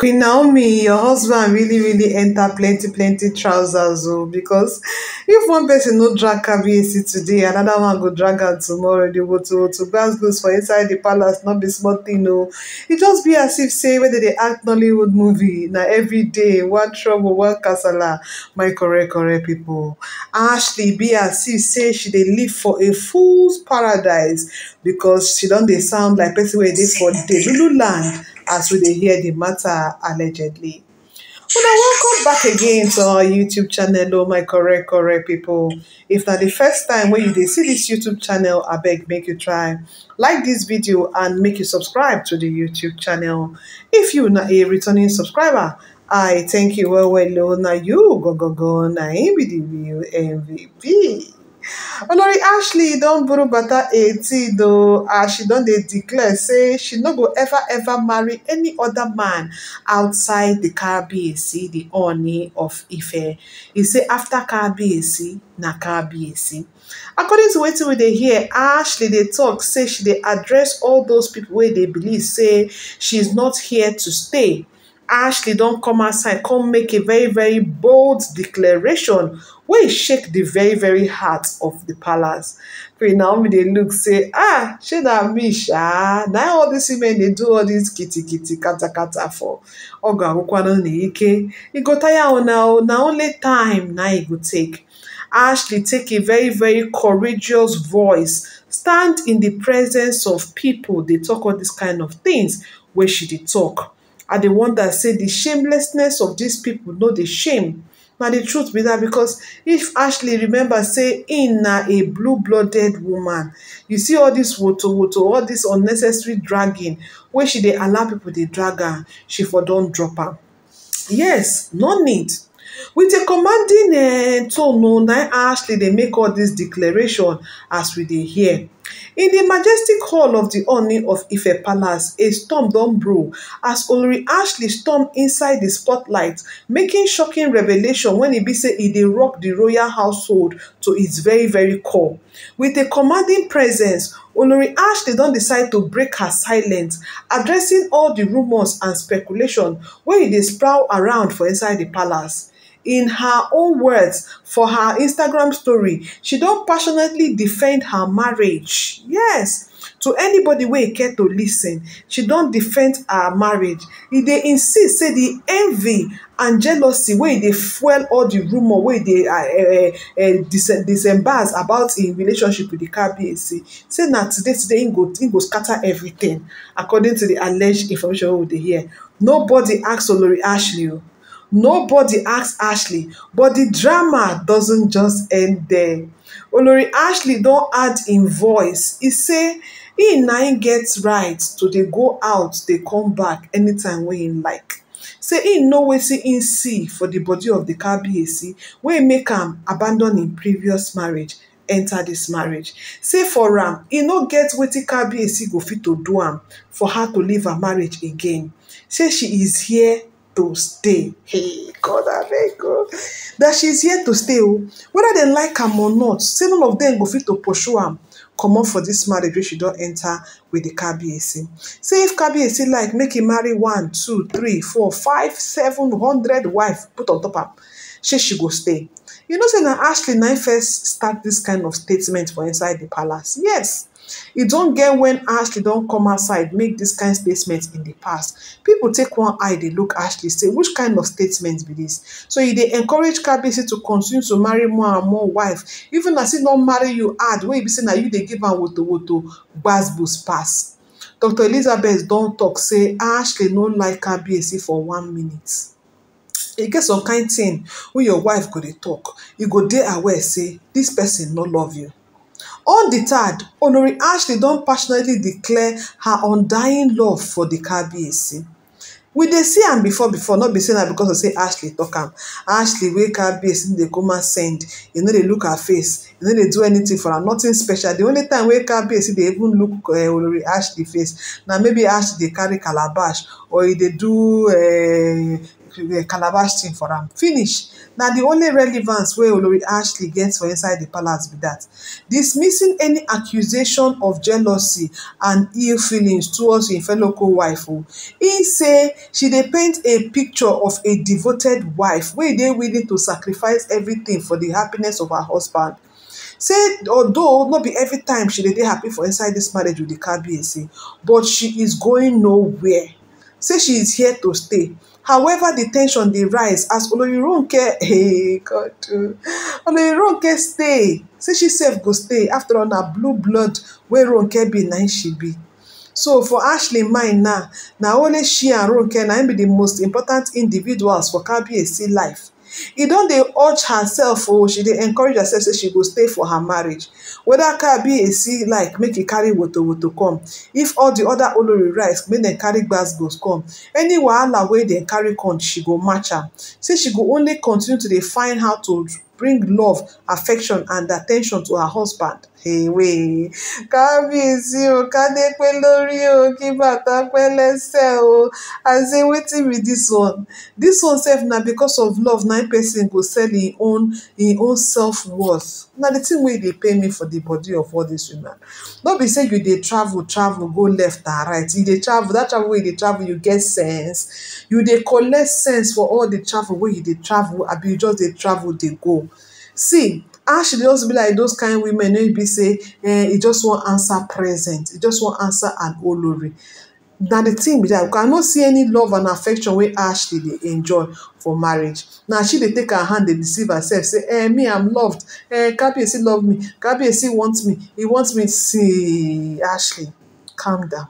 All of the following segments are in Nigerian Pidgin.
Queen Naomi, your husband really, really enter plenty, plenty trousers, oh, because if one person no drag KBAC today, another one go drag her tomorrow. They go to, to grass goods for inside the palace, not be small thing, no. Oh. It just be as if, say, whether they act Nollywood movie, now every day, one trouble, one casala, my correct, correct people. Ashley be as if, say, she they live for a fool's paradise because she don't they sound like person where they for the Lulu land as we dey hear the matter allegedly una welcome back again to our youtube channel o oh my correct correct people. if that the first time when you dey see this youtube channel I beg make you try like this video and make you subscribe to the youtube channel if you na a returning subscriber i thank you well well o oh, na you go go go na im be di real mvp Honorary Ashley don borrow bata eighty though as she don't declare say she no go ever ever marry any other man outside the Kabiyesi, the Oni of Ife. You say after Kabiyesi na Kabiyesi. According to what we hear, Ashley they talk say she they address all those people where they believe say she's not here to stay Ashley don come outside come make a very very bold declaration wey shake the very very heart of the palace queen naomi they look say ah she na me sha na all these women they do all these kitty kitty kata kata for ogo agwụkwana na ike e go tire now. Now only time now e go take ashley take a very very courageous voice stand in the presence of people. They talk all these kind of things. Where she did talk are the one that say the shamelessness of these people, not the shame Now the truth be that because if ashley remember say in a blue blooded woman you see all this woto woto all this unnecessary dragging Where she they allow people? They drag her she for don't drop her. yes no need with a commanding eh, tone oh, no ashley they make all this declaration as we dey hear In the majestic hall of the Ooni of Ife Palace, a storm don brew as Olori Ashley stormed inside the spotlight, making shocking revelation when it e be say it e dey rock the royal household to its very very core. With a commanding presence, Olori Ashley don decide to break her silence, addressing all the rumors and speculation where it is sprawl around for inside the palace in her own words for her Instagram story, she don't passionately defend her marriage. Yes, to anybody wey e care to listen she don't defend her marriage If e they insist say the envy and jealousy wey they e fuel all di rumour wey dey uh, eh, eh, eh, disembars about im relationship with di kbac say na today today im go go scatter everything according to the alleged information we dey hear nobody ask olori ashley Nobody asked Ashley, but the drama doesn't just end there. Olori Ashley don add im voice. E say im na im get right to dey go out dey come back anytime wey im like. Say im know wetin im see for di body of di Kabiyesi wey make am abandon im previous marriage enter dis marriage. Say for am, e no get wetin Kabiyesi go fit to do am for her to leave her marriage again. Say she is here to stay. Hey, God, I beg God. That she's here to stay. Oh. Whether they like him or not, seven of them go fit to pursue him. on for this marriage wey she don't enter with the kabiyesi say if kabiyesi like make e marry one two three four five seven hundred wife put on top of say she go stay you know say na ashley na first start this kind of statement for inside the palace yes e don get when ashley don come outside make this kind statement in the past People take one eye dey look ashley say which kind of statement be this? so e dey encourage kabisi to continue to marry more and more wife even as he don marry you hard wey e be say na you dey give am wotowoto gbasgbos pass dr elizabeth don talk. say ashley no like kabisi for one minute e get some kind thing. wey your wife go dey talk, you go dey aware say this person no love you on di third ashley don passionately declare her undying love for the kabiyesi we dey see am before before not be say na because of say ashley talk am ashley wey kabiyesi dey come and send You e no dey look her face You e no dey do anything for am nothing special the only time wey kabiyesi dey even look eh, olori ashley face na maybe ashley dey carry calabash or e dey do eh, wear calabash thing for am finish na the only relevance wey olori ashley get for inside the palace be that dismissing any accusation of jealousy and ill feelings towards im fellow co-wife o e say she dey paint a picture of a devoted wife wey dey willing to sacrifice everything for the happiness of her husband say although no be every time she dey dey happy for inside this marriage with the kabiyesi but she is going nowhere say she is here to stay however the tension sion dey rise as olorirunke hey eh, god eh, olorirunke stay say she sef go stay after all na blue blood wey ronke be na she be so for ashley mind now na only she and ronke na be the most important individuals for kabiyesi life e don dey urge herself o oh, she dey encourage herself say she go stay for her marriage whether car be a see like make e carry woto woto come if all the other olori rice, make dem carry gbasgbos come any wahala wey dem carry come she go match am say she go only continue to dey find how to bring love affection and at ten tion to her husband èwe kábíyèsí o kádé pé lórí o kí bàtà pẹ́ lẹ́sẹ̀ o i say wetin be this one this one sef na because of love nine person go sell im own im own self worth na the thing wey e dey pain me for the body of all these women no be say you dey travel travel go left and right you dey travel that travel where you dey travel you get sense you dey collect sense for all the travel where you dey travel abi you just dey travel dey go see ash dey also be like those kind women wey be say eh you just want answer present You just want answer and olori na the thing be dat because i no see any love and affection wey ashley dey enjoy for marriage na she dey take her hand dey deceive herself say eh me i'm loved eh kabiyesi love me kabiyesi want me he want me see ashley calm down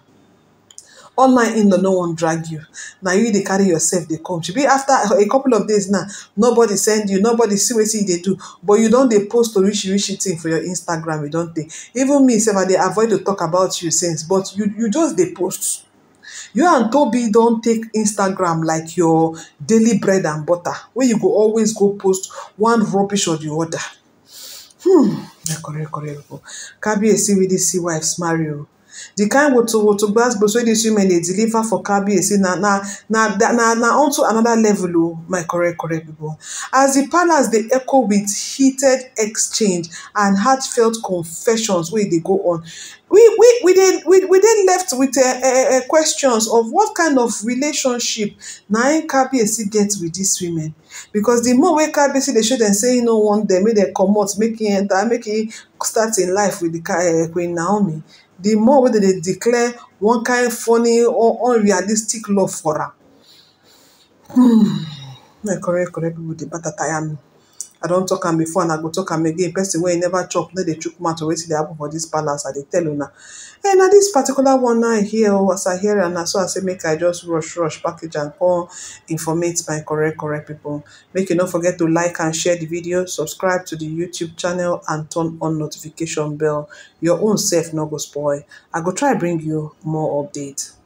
online in-law no wan drag you na you dey carry yourself dey come shebi after a couple of days now nobody send you nobody see wetin you dey do but you don dey post orishirishi thing for your instagram you don take even me sef i dey avoid to talk about you since but you you just dey post you and Toby don't take instagram like your daily bread and butter Where you go always go post one rubbish or the other hmm correct correct kabiyesi really see wives marry o The kind woto-woto gbas-gbos wey dis women dey deliver for kabiyesi na na na na onto another level o oh, my correct correct people as the palace dey echo with heated exchange and heartfelt confessions wey dey go on we we we dey we, we dey left with uh, uh, questions of what kind of relationship na im Kabiyesi get with these women because the more wey Kabiyesi dey show dem say e no want dem make dem comot make e enter make e start im life with the uh, Queen Naomi the more wey dem dey declare one kind funny or unrealistic love for am. um hmm. na correct correct pipu dey tire me i don talk am before and i go talk am again person wey never chop no dey chook mouth to wetin dey happen for dis palace i dey tell una Hey, eh, na dis particular one now i hear o oh, as i hear am na so i say make i just rush rush package am come informate my correct correct people. make you no forget to like and share the video subscribe to the youtube channel and turn on notification bell your own sef no go spoil i go try bring you more update